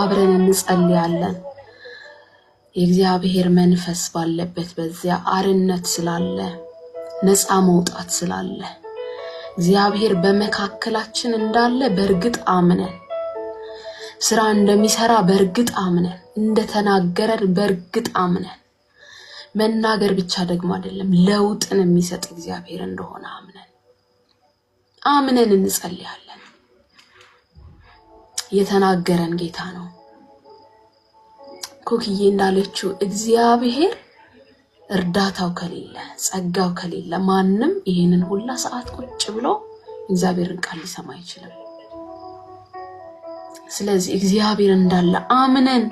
አብረን እንጸልያለን። የእግዚአብሔር መንፈስ ባለበት በዚያ አርነት ስላለ ነፃ መውጣት ስላለ እግዚአብሔር በመካከላችን እንዳለ በእርግጥ አምነን ስራ እንደሚሰራ በእርግጥ አምነን እንደተናገረን በእርግጥ አምነን መናገር ብቻ ደግሞ አይደለም ለውጥን የሚሰጥ እግዚአብሔር እንደሆነ አምነን አምነን እንጸልያለን። የተናገረን ጌታ ነው። ኮክዬ እንዳለችው እግዚአብሔር እርዳታው ከሌለ ጸጋው ከሌለ ማንም ይሄንን ሁላ ሰዓት ቁጭ ብሎ እግዚአብሔርን ቃል ሊሰማ አይችልም። ስለዚህ እግዚአብሔር እንዳለ አምነን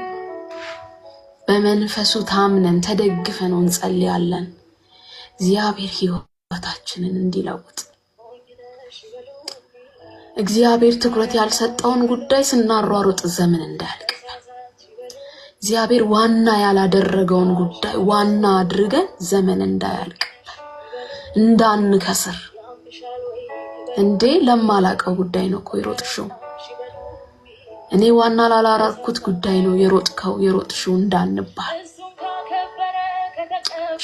በመንፈሱ ታምነን ተደግፈን እንጸልያለን እግዚአብሔር ሕይወታችንን እንዲለውጥ እግዚአብሔር ትኩረት ያልሰጠውን ጉዳይ ስናሯሩጥ ዘመን እንዳያልቅብን፣ እግዚአብሔር ዋና ያላደረገውን ጉዳይ ዋና አድርገን ዘመን እንዳያልቅብን፣ እንዳንከስር። እንዴ ለማላቀው ጉዳይ ነው እኮ የሮጥሽው። እኔ ዋና ላላረኩት ጉዳይ ነው የሮጥከው የሮጥሽው እንዳንባል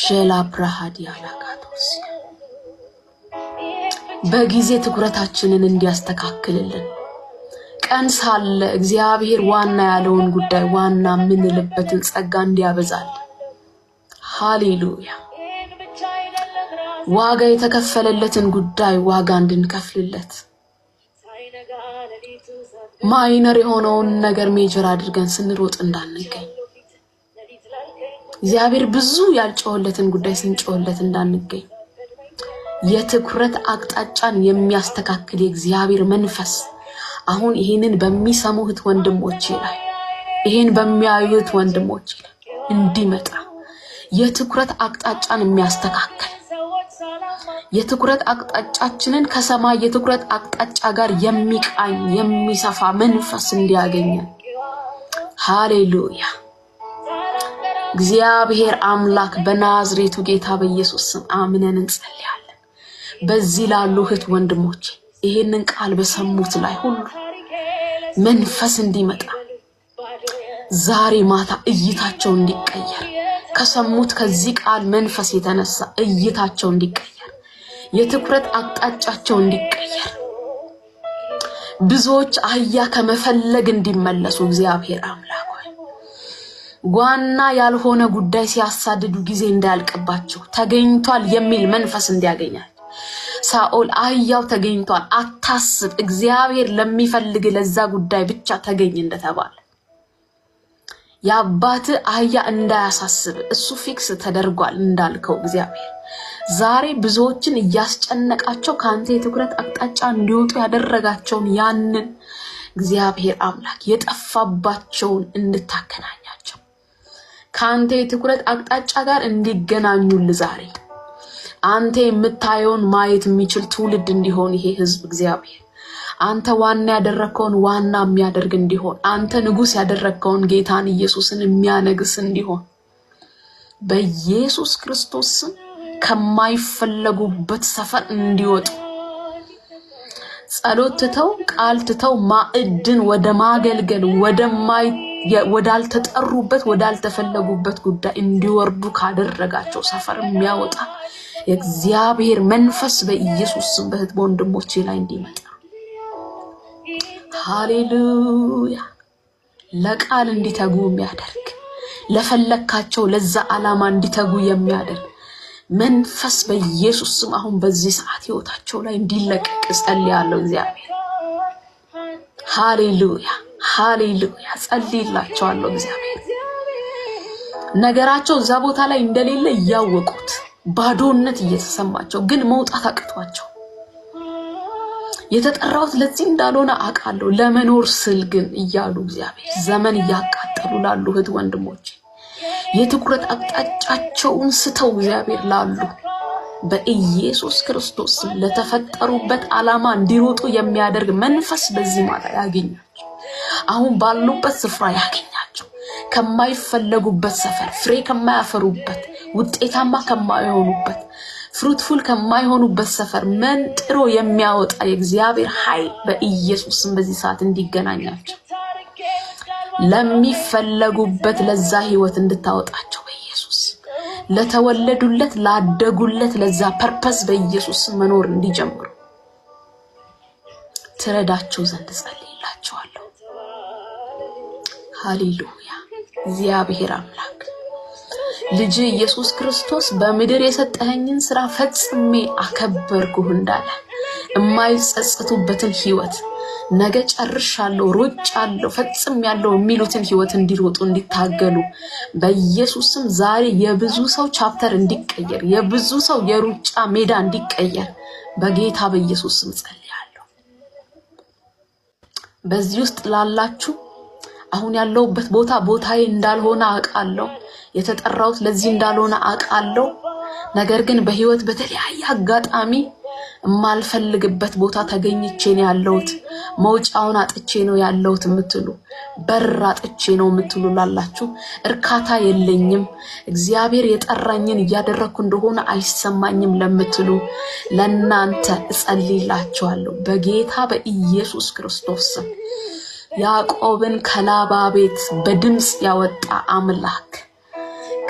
ሼላ ብርሃድ ያላጋቶስ በጊዜ ትኩረታችንን እንዲያስተካክልልን ቀን ሳለ እግዚአብሔር ዋና ያለውን ጉዳይ ዋና የምንልበትን ጸጋ እንዲያበዛል ሃሌሉያ! ዋጋ የተከፈለለትን ጉዳይ ዋጋ እንድንከፍልለት ማይነር የሆነውን ነገር ሜጀር አድርገን ስንሮጥ እንዳንገኝ እግዚአብሔር ብዙ ያልጮኸለትን ጉዳይ ስንጮኸለት እንዳንገኝ የትኩረት አቅጣጫን የሚያስተካክል የእግዚአብሔር መንፈስ አሁን ይህንን በሚሰሙት ወንድሞች ላይ ይህን በሚያዩት ወንድሞች ላይ እንዲመጣ የትኩረት አቅጣጫን የሚያስተካክል የትኩረት አቅጣጫችንን ከሰማይ የትኩረት አቅጣጫ ጋር የሚቃኝ የሚሰፋ መንፈስ እንዲያገኘን። ሃሌሉያ! እግዚአብሔር አምላክ በናዝሬቱ ጌታ በኢየሱስ ስም አምነን እንጸልያለን። በዚህ ላሉ እህት ወንድሞች ይሄንን ቃል በሰሙት ላይ ሁሉ መንፈስ እንዲመጣ ዛሬ ማታ እይታቸው እንዲቀየር ከሰሙት ከዚህ ቃል መንፈስ የተነሳ እይታቸው እንዲቀየር የትኩረት አቅጣጫቸው እንዲቀየር ብዙዎች አህያ ከመፈለግ እንዲመለሱ እግዚአብሔር አምላክ ሆይ ዋና ያልሆነ ጉዳይ ሲያሳድዱ ጊዜ እንዳያልቅባቸው ተገኝቷል የሚል መንፈስ እንዲያገኛል ሳኦል አህያው ተገኝቷል፣ አታስብ፣ እግዚአብሔር ለሚፈልግ ለዛ ጉዳይ ብቻ ተገኝ እንደተባለ የአባት አህያ እንዳያሳስብ እሱ ፊክስ ተደርጓል እንዳልከው እግዚአብሔር ዛሬ ብዙዎችን እያስጨነቃቸው ከአንተ የትኩረት አቅጣጫ እንዲወጡ ያደረጋቸውን ያንን እግዚአብሔር አምላክ የጠፋባቸውን እንድታገናኛቸው ከአንተ የትኩረት አቅጣጫ ጋር እንዲገናኙል ዛሬ አንተ የምታየውን ማየት የሚችል ትውልድ እንዲሆን ይሄ ህዝብ እግዚአብሔር አንተ ዋና ያደረግከውን ዋና የሚያደርግ እንዲሆን አንተ ንጉስ ያደረግከውን ጌታን ኢየሱስን የሚያነግስ እንዲሆን በኢየሱስ ክርስቶስ ስም ከማይፈለጉበት ሰፈር እንዲወጡ ጸሎት ትተው ቃል ትተው ማዕድን ወደ ማገልገል ወዳልተጠሩበት ወዳልተፈለጉበት ጉዳይ እንዲወርዱ ካደረጋቸው ሰፈር የሚያወጣ የእግዚአብሔር መንፈስ በኢየሱስ በህት በወንድሞቼ ላይ እንዲመጣ ሃሌሉያ። ለቃል እንዲተጉ የሚያደርግ ለፈለግካቸው ለዛ ዓላማ እንዲተጉ የሚያደርግ መንፈስ በኢየሱስ ስም አሁን በዚህ ሰዓት ህይወታቸው ላይ እንዲለቀቅ ጸልያለሁ። እግዚአብሔር ሃሌሉያ፣ ሃሌሉያ ጸልይላቸዋለሁ። እግዚአብሔር ነገራቸው እዛ ቦታ ላይ እንደሌለ እያወቁት ባዶነት እየተሰማቸው ግን መውጣት አቅቷቸው የተጠራሁት ለዚህ እንዳልሆነ አውቃለሁ፣ ለመኖር ስል ግን እያሉ እግዚአብሔር ዘመን እያቃጠሉ ላሉ እህት ወንድሞች የትኩረት አቅጣጫቸውን ስተው እግዚአብሔር ላሉ በኢየሱስ ክርስቶስ ለተፈጠሩበት ዓላማ እንዲሮጡ የሚያደርግ መንፈስ በዚህ ማታ ያገኛቸው። አሁን ባሉበት ስፍራ ያገኛቸው። ከማይፈለጉበት ሰፈር ፍሬ ከማያፈሩበት ውጤታማ ከማይሆኑበት ፍሩትፉል ከማይሆኑበት ሰፈር መንጥሮ የሚያወጣ የእግዚአብሔር ኃይል በኢየሱስም በዚህ ሰዓት እንዲገናኛቸው ለሚፈለጉበት ለዛ ህይወት እንድታወጣቸው በኢየሱስ ለተወለዱለት ላደጉለት ለዛ ፐርፐስ በኢየሱስ መኖር እንዲጀምሩ ትረዳቸው ዘንድ ጸልይላቸዋለሁ። ሃሌሉያ! እግዚአብሔር አምላክ ልጅ ኢየሱስ ክርስቶስ በምድር የሰጠኸኝን ስራ ፈጽሜ አከበርኩህ እንዳለ የማይጸጸቱበትን ህይወት ነገ ጨርሻለሁ፣ ሮጫለሁ፣ ፈጽሜያለሁ የሚሉትን ህይወት እንዲሮጡ እንዲታገሉ በኢየሱስም ዛሬ የብዙ ሰው ቻፕተር እንዲቀየር የብዙ ሰው የሩጫ ሜዳ እንዲቀየር በጌታ በኢየሱስም ጸልያለሁ። በዚህ ውስጥ ላላችሁ አሁን ያለሁበት ቦታ ቦታዬ እንዳልሆነ አውቃለሁ። የተጠራሁት ለዚህ እንዳልሆነ አውቃለሁ። ነገር ግን በህይወት በተለያየ አጋጣሚ የማልፈልግበት ቦታ ተገኝቼ ነው ያለሁት፣ መውጫውን አጥቼ ነው ያለሁት የምትሉ በር አጥቼ ነው የምትሉ ላላችሁ እርካታ የለኝም፣ እግዚአብሔር የጠራኝን እያደረግኩ እንደሆነ አይሰማኝም ለምትሉ ለእናንተ እጸልይላችኋለሁ በጌታ በኢየሱስ ክርስቶስ ያዕቆብን ከላባ ቤት በድምፅ ያወጣ አምላክ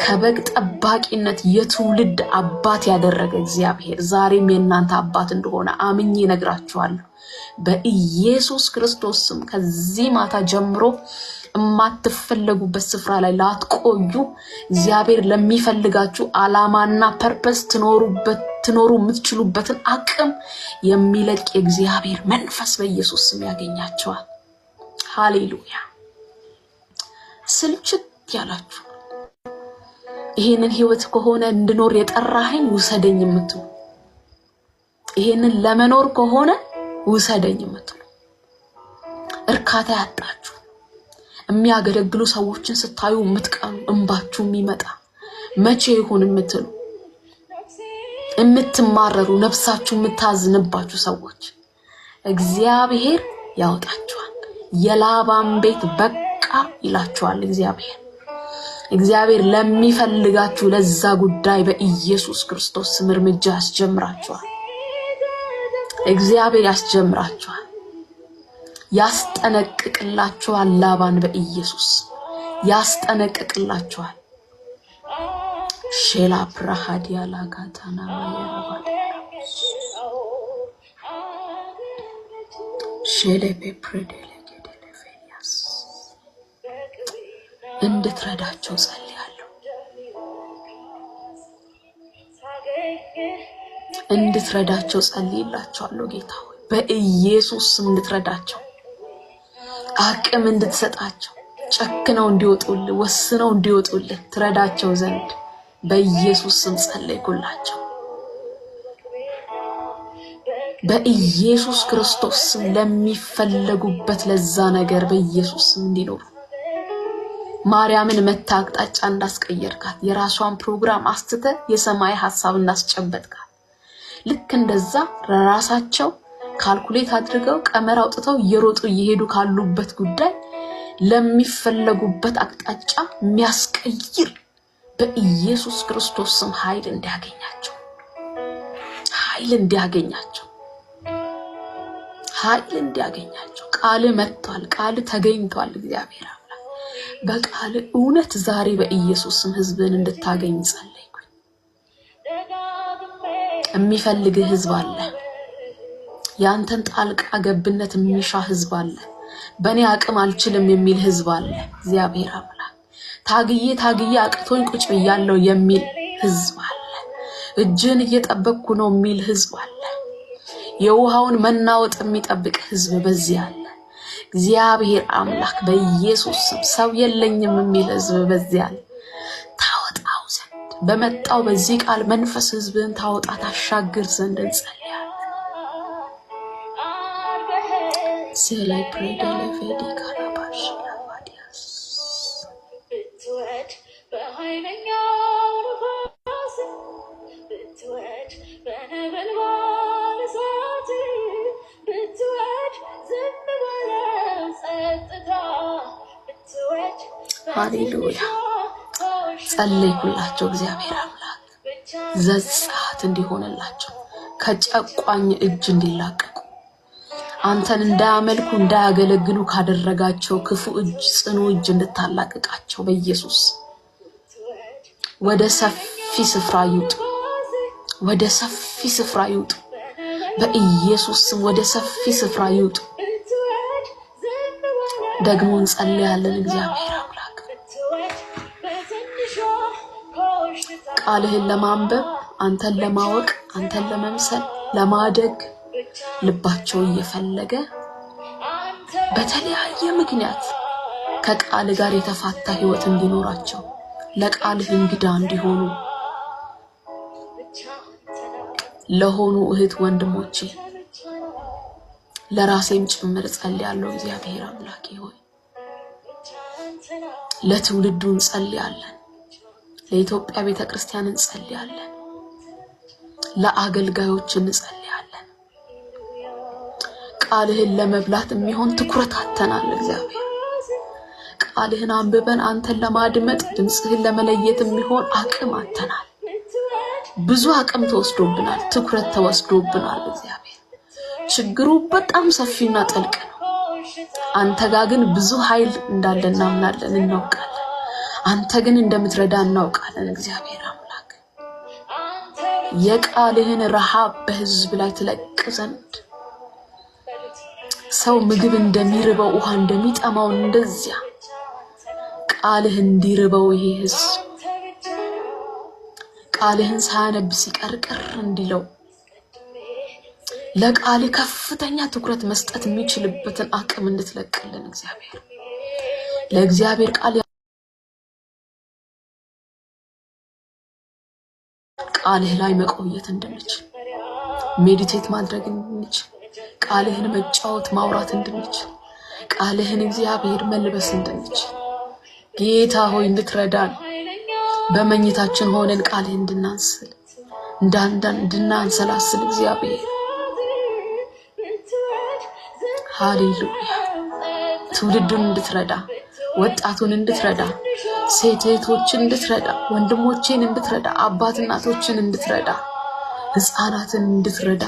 ከበግ ጠባቂነት የትውልድ አባት ያደረገ እግዚአብሔር ዛሬም የእናንተ አባት እንደሆነ አምኜ ነግራችኋለሁ። በኢየሱስ ክርስቶስ ስም ከዚህ ማታ ጀምሮ የማትፈለጉበት ስፍራ ላይ ላትቆዩ እግዚአብሔር ለሚፈልጋችሁ አላማና ፐርፐስ ትኖሩበት ትኖሩ የምትችሉበትን አቅም የሚለቅ የእግዚአብሔር መንፈስ በኢየሱስ ስም ያገኛቸዋል። ሃሌሉያ። ስልችት ያላችሁ ይሄንን ህይወት ከሆነ እንድኖር የጠራኸኝ ውሰደኝ የምትሉ ይሄንን ለመኖር ከሆነ ውሰደኝ የምትሉ እርካታ ያጣችሁ የሚያገለግሉ ሰዎችን ስታዩ የምትቀኑ እንባችሁ የሚመጣ መቼ ይሁን የምትሉ የምትማረሩ ነፍሳችሁ የምታዝንባችሁ ሰዎች እግዚአብሔር ያወጣችኋል። የላባን ቤት በቃ ይላችኋል እግዚአብሔር። እግዚአብሔር ለሚፈልጋችሁ ለዛ ጉዳይ በኢየሱስ ክርስቶስ ስም እርምጃ ያስጀምራችኋል። እግዚአብሔር ያስጀምራችኋል፣ ያስጠነቅቅላችኋል። ላባን በኢየሱስ ያስጠነቅቅላችኋል። ሼላ ፕራሃድ ያላጋታና ባያባል ሼሌ እንድትረዳቸው ጸልያለሁ። እንድትረዳቸው ጸልይላቸዋለሁ። ጌታ ሆይ በኢየሱስ ስም እንድትረዳቸው፣ አቅም እንድትሰጣቸው፣ ጨክነው እንዲወጡልህ፣ ወስነው እንዲወጡልህ ትረዳቸው ዘንድ በኢየሱስ ስም ጸለይኩላቸው። በኢየሱስ ክርስቶስ ስም ለሚፈለጉበት ለዛ ነገር በኢየሱስ ስም እንዲኖሩ ማርያምን መታ አቅጣጫ እንዳስቀየርካት የራሷን ፕሮግራም አስትተ የሰማይ ሀሳብ እንዳስጨበጥካት ልክ እንደዛ ራሳቸው ካልኩሌት አድርገው ቀመር አውጥተው እየሮጡ እየሄዱ ካሉበት ጉዳይ ለሚፈለጉበት አቅጣጫ የሚያስቀይር በኢየሱስ ክርስቶስ ስም ኃይል እንዲያገኛቸው ኃይል እንዲያገኛቸው ኃይል እንዲያገኛቸው ቃል መጥቷል። ቃል ተገኝቷል። እግዚአብሔር በቃል እውነት ዛሬ በኢየሱስም ህዝብን እንድታገኝ ጸለይኩኝ። የሚፈልግህ ህዝብ አለ። የአንተን ጣልቃ ገብነት የሚሻ ህዝብ አለ። በእኔ አቅም አልችልም የሚል ህዝብ አለ። እግዚአብሔር አምላክ ታግዬ ታግዬ አቅቶኝ ቁጭ ብያለሁ የሚል ህዝብ አለ። እጅን እየጠበቅኩ ነው የሚል ህዝብ አለ። የውሃውን መናወጥ የሚጠብቅ ህዝብ በዚህ አለ። እግዚአብሔር አምላክ በኢየሱስ ስም ሰው የለኝም የሚል ህዝብ በዚያ ታወጣው ዘንድ በመጣው በዚህ ቃል መንፈስ ህዝብን ታወጣ ታሻግር ዘንድ እንጸልያለን። ሴላይ ፕሬደለፌዴ ካላባሽ ሃሌሉያ ጸለይኩላቸው። እግዚአብሔር አምላክ ዘጻት እንዲሆንላቸው ከጨቋኝ እጅ እንዲላቀቁ አንተን እንዳያመልኩ እንዳያገለግሉ ካደረጋቸው ክፉ እጅ ጽኑ እጅ እንድታላቅቃቸው በኢየሱስ ወደ ሰፊ ስፍራ ይውጡ፣ ወደ ሰፊ ስፍራ ይውጡ፣ በኢየሱስ ስም ወደ ሰፊ ስፍራ ይውጡ። ደግሞ እንጸልያለን እግዚአብሔር ቃልህን ለማንበብ አንተን ለማወቅ አንተን ለመምሰል ለማደግ ልባቸው እየፈለገ በተለያየ ምክንያት ከቃል ጋር የተፋታ ህይወት እንዲኖራቸው ለቃልህ እንግዳ እንዲሆኑ ለሆኑ እህት ወንድሞቼ ለራሴም ጭምር ጸልያለሁ። እግዚአብሔር አምላኬ ሆይ ለትውልዱ እንጸልያለን። ለኢትዮጵያ ቤተ ክርስቲያን እንጸልያለን። ለአገልጋዮች እንጸልያለን። ቃልህን ለመብላት የሚሆን ትኩረት አተናል። እግዚአብሔር ቃልህን አንብበን አንተን ለማድመጥ ድምፅህን ለመለየት የሚሆን አቅም አተናል። ብዙ አቅም ተወስዶብናል፣ ትኩረት ተወስዶብናል። እግዚአብሔር ችግሩ በጣም ሰፊና ጥልቅ ነው። አንተ ጋር ግን ብዙ ኃይል እንዳለ እናምናለን፣ እናውቃለን። አንተ ግን እንደምትረዳ እናውቃለን። እግዚአብሔር አምላክ የቃልህን ረሃብ በህዝብ ላይ ትለቅ ዘንድ ሰው ምግብ እንደሚርበው ውሃ እንደሚጠማው እንደዚያ ቃልህ እንዲርበው ይሄ ህዝብ ቃልህን ሳያነብ ሲቀርቅር እንዲለው ለቃል ከፍተኛ ትኩረት መስጠት የሚችልበትን አቅም እንድትለቅልን እግዚአብሔር ለእግዚአብሔር ቃል ቃልህ ላይ መቆየት እንድንችል ሜዲቴት ማድረግ እንድንችል ቃልህን መጫወት ማውራት እንድንችል ቃልህን እግዚአብሔር መልበስ እንድንችል ጌታ ሆይ እንድትረዳን በመኝታችን ሆነን ቃልህን እንድናንስል እንድናንሰላስል እግዚአብሔር ሃሌሉያ ትውልዱን እንድትረዳ ወጣቱን እንድትረዳ ሴቶችን እንድትረዳ፣ ወንድሞቼን እንድትረዳ፣ አባት እናቶችን እንድትረዳ፣ ህፃናትን እንድትረዳ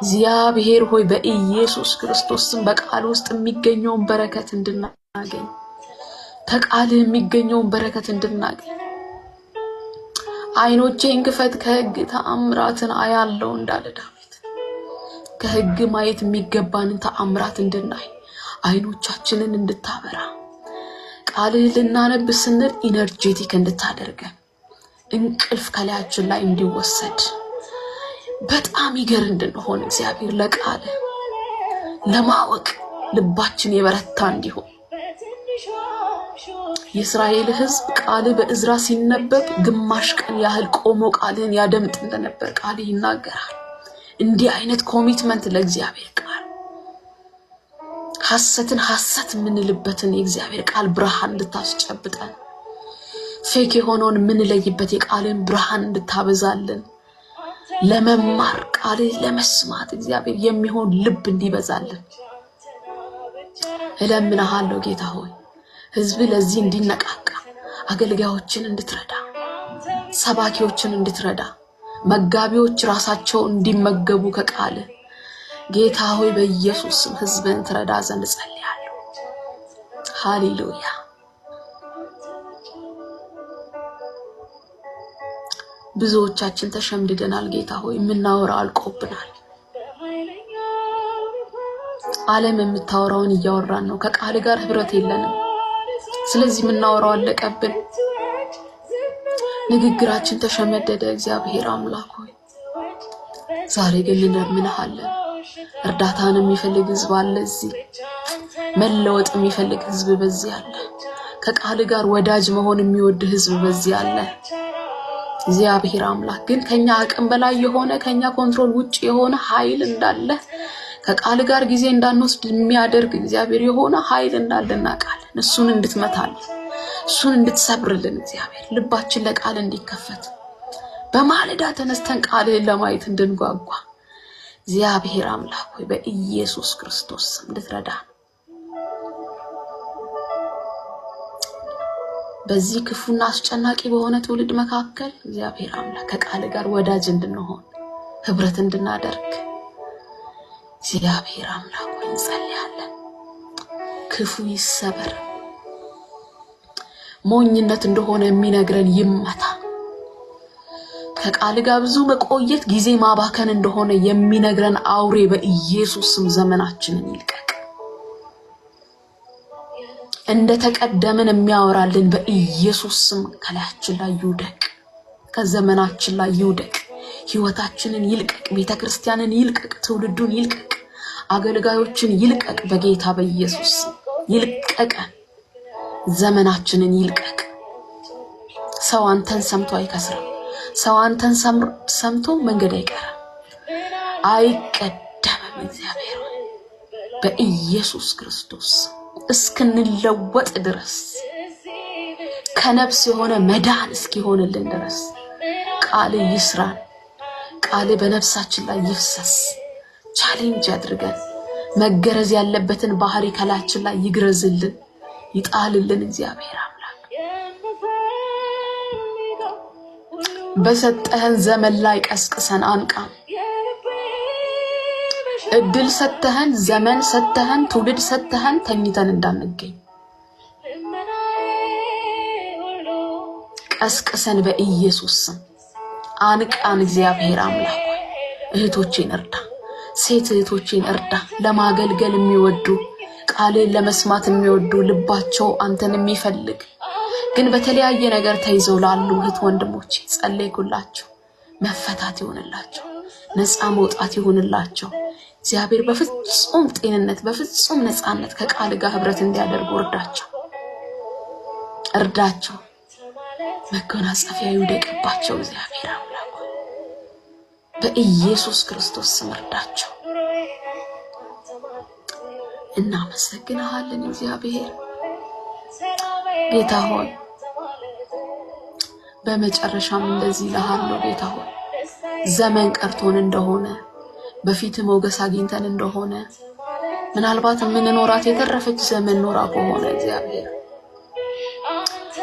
እግዚአብሔር ሆይ በኢየሱስ ክርስቶስም በቃል ውስጥ የሚገኘውን በረከት እንድናገኝ ከቃልህ የሚገኘውን በረከት እንድናገኝ አይኖቼን ክፈት ከህግ ተአምራትን አያለው እንዳለ ዳዊት ከህግ ማየት የሚገባንን ተአምራት እንድናይ አይኖቻችንን እንድታበራ ቃልህ ልናነብ ስንል ኢነርጄቲክ እንድታደርገ እንቅልፍ ከላያችን ላይ እንዲወሰድ በጣም ይገር እንድንሆን እግዚአብሔር ለቃለ ለማወቅ ልባችን የበረታ እንዲሆን የእስራኤል ሕዝብ ቃል በእዝራ ሲነበብ ግማሽ ቀን ያህል ቆሞ ቃልህን ያደምጥ እንደነበር ቃል ይናገራል። እንዲህ አይነት ኮሚትመንት ለእግዚአብሔር ሐሰትን ሐሰት የምንልበትን የእግዚአብሔር ቃል ብርሃን እንድታስጨብጠን ፌክ የሆነውን የምንለይበት የቃልን ብርሃን እንድታበዛልን ለመማር ቃል ለመስማት እግዚአብሔር የሚሆን ልብ እንዲበዛልን እለምንሃለሁ ጌታ ሆይ፣ ሕዝብ ለዚህ እንዲነቃቃ አገልጋዮችን እንድትረዳ፣ ሰባኪዎችን እንድትረዳ፣ መጋቢዎች ራሳቸው እንዲመገቡ ከቃል ጌታ ሆይ በኢየሱስ ህዝብን ትረዳ ዘንድ ጸልያለሁ። ሃሌሉያ። ብዙዎቻችን ተሸምድደናል። ጌታ ሆይ የምናወራው አልቆብናል። ዓለም የምታወራውን እያወራን ነው። ከቃል ጋር ህብረት የለንም። ስለዚህ የምናወራው አለቀብን። ንግግራችን ተሸመደደ። እግዚአብሔር አምላክ ሆይ ዛሬ ግን እንለምንሃለን። እርዳታን የሚፈልግ ህዝብ አለ እዚህ። መለወጥ የሚፈልግ ህዝብ በዚህ አለ። ከቃል ጋር ወዳጅ መሆን የሚወድ ህዝብ በዚህ አለ። እግዚአብሔር አምላክ ግን ከኛ አቅም በላይ የሆነ ከኛ ኮንትሮል ውጭ የሆነ ኃይል እንዳለ ከቃል ጋር ጊዜ እንዳንወስድ የሚያደርግ እግዚአብሔር የሆነ ኃይል እንዳለ እናውቃለን። እሱን እንድትመታልን፣ እሱን እንድትሰብርልን እግዚአብሔር ልባችን ለቃል እንዲከፈት በማለዳ ተነስተን ቃልህን ለማየት እንድንጓጓ እግዚአብሔር አምላክ ሆይ በኢየሱስ ክርስቶስ ስም እንድትረዳን በዚህ ክፉና አስጨናቂ በሆነ ትውልድ መካከል እግዚአብሔር አምላክ ከቃል ጋር ወዳጅ እንድንሆን ህብረት እንድናደርግ እግዚአብሔር አምላክ ሆይ እንጸልያለን። ክፉ ይሰበር፣ ሞኝነት እንደሆነ የሚነግረን ይመታ። ከቃል ጋር ብዙ መቆየት ጊዜ ማባከን እንደሆነ የሚነግረን አውሬ በኢየሱስ ስም ዘመናችንን ይልቀቅ። እንደ የሚያወራልን በኢየሱስ ስም ከላያችን ላይ ይውደቅ፣ ከዘመናችን ላይ ይውደቅ። ህይወታችንን ይልቀቅ፣ ቤተ ክርስቲያንን ይልቀቅ፣ ትውልዱን ይልቀቅ፣ አገልጋዮችን ይልቀቅ። በጌታ በኢየሱስ ይልቀቀ፣ ዘመናችንን ይልቀቅ። ሰው አንተን ሰምቶ አይከስርም። ሰው አንተን ሰምቶ መንገድ አይቀርም፣ አይቀደምም። እግዚአብሔር በኢየሱስ ክርስቶስ እስክንለወጥ ድረስ ከነፍስ የሆነ መዳን እስኪሆንልን ድረስ ቃል ይስራን። ቃል በነፍሳችን ላይ ይፍሰስ። ቻሌንጅ አድርገን መገረዝ ያለበትን ባህሪ ከላያችን ላይ ይግረዝልን፣ ይጣልልን እግዚአብሔር በሰጠህን ዘመን ላይ ቀስቅሰን አንቃ። እድል ሰተህን፣ ዘመን ሰተህን፣ ትውልድ ሰተህን ተኝተን እንዳንገኝ ቀስቅሰን በኢየሱስ ስም አንቃን። እግዚአብሔር አምላክ ሆይ እህቶቼን እርዳ፣ ሴት እህቶቼን እርዳ። ለማገልገል የሚወዱ ቃልን ለመስማት የሚወዱ ልባቸው አንተን የሚፈልግ ግን በተለያየ ነገር ተይዘው ላሉ እህት ወንድሞች ጸለይኩላቸው። መፈታት ይሆንላቸው፣ ነፃ መውጣት ይሆንላቸው። እግዚአብሔር በፍጹም ጤንነት፣ በፍጹም ነፃነት ከቃል ጋር ህብረት እንዲያደርጉ እርዳቸው፣ እርዳቸው። መጎናጸፊያ ይውደቅባቸው። እግዚአብሔር አምላኩ በኢየሱስ ክርስቶስ ስም እርዳቸው። እናመሰግንሃለን እግዚአብሔር ጌታ ሆይ በመጨረሻም እንደዚህ እልሃለሁ ጌታ ሆይ ዘመን ቀርቶን እንደሆነ በፊት ሞገስ አግኝተን እንደሆነ ምናልባት የምንኖራት የተረፈች ዘመን ኖራ ከሆነ እግዚአብሔር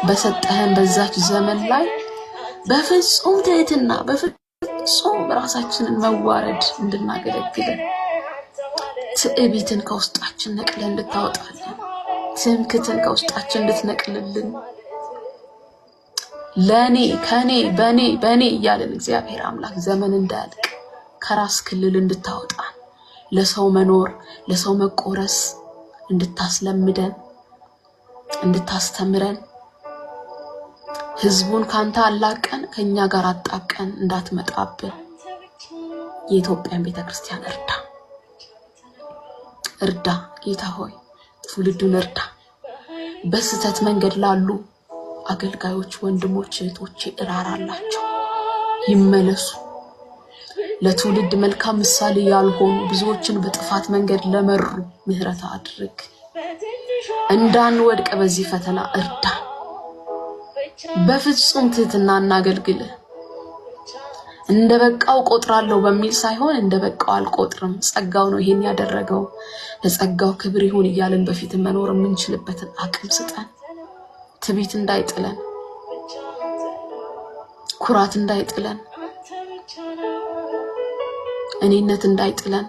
በሰጠህን በዛች ዘመን ላይ በፍጹም ትህትና በፍጹም ራሳችንን መዋረድ እንድናገለግለን ትዕቢትን ከውስጣችን ነቅለን እንድታወጣለን፣ ትምክትን ከውስጣችን እንድትነቅልልን ለእኔ ከኔ በኔ በኔ እያለን እግዚአብሔር አምላክ ዘመን እንዳያልቅ ከራስ ክልል እንድታወጣን ለሰው መኖር ለሰው መቆረስ እንድታስለምደን እንድታስተምረን ህዝቡን ካንተ አላቀን ከእኛ ጋር አጣቀን እንዳትመጣብን የኢትዮጵያን ቤተ ክርስቲያን እርዳ እርዳ ጌታ ሆይ ትውልዱን እርዳ በስህተት መንገድ ላሉ አገልጋዮች፣ ወንድሞች፣ እህቶቼ እራራላቸው፣ ይመለሱ። ለትውልድ መልካም ምሳሌ ያልሆኑ ብዙዎችን በጥፋት መንገድ ለመሩ ምህረት አድርግ። እንዳንወድቅ በዚህ ፈተና እርዳ። በፍጹም ትህትና እናገልግልህ። እንደ በቃው ቆጥራለሁ በሚል ሳይሆን እንደ በቃው አልቆጥርም፣ ጸጋው ነው ይሄን ያደረገው፣ ለጸጋው ክብር ይሁን እያልን በፊት መኖር የምንችልበትን አቅም ስጠን። ትቢት እንዳይጥለን፣ ኩራት እንዳይጥለን፣ እኔነት እንዳይጥለን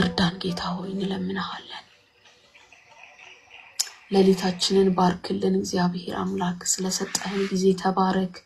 እርዳን። ጌታ ሆይ እንለምንሃለን። ሌሊታችንን ባርክልን። እግዚአብሔር አምላክ ስለሰጠህን ጊዜ ተባረክ።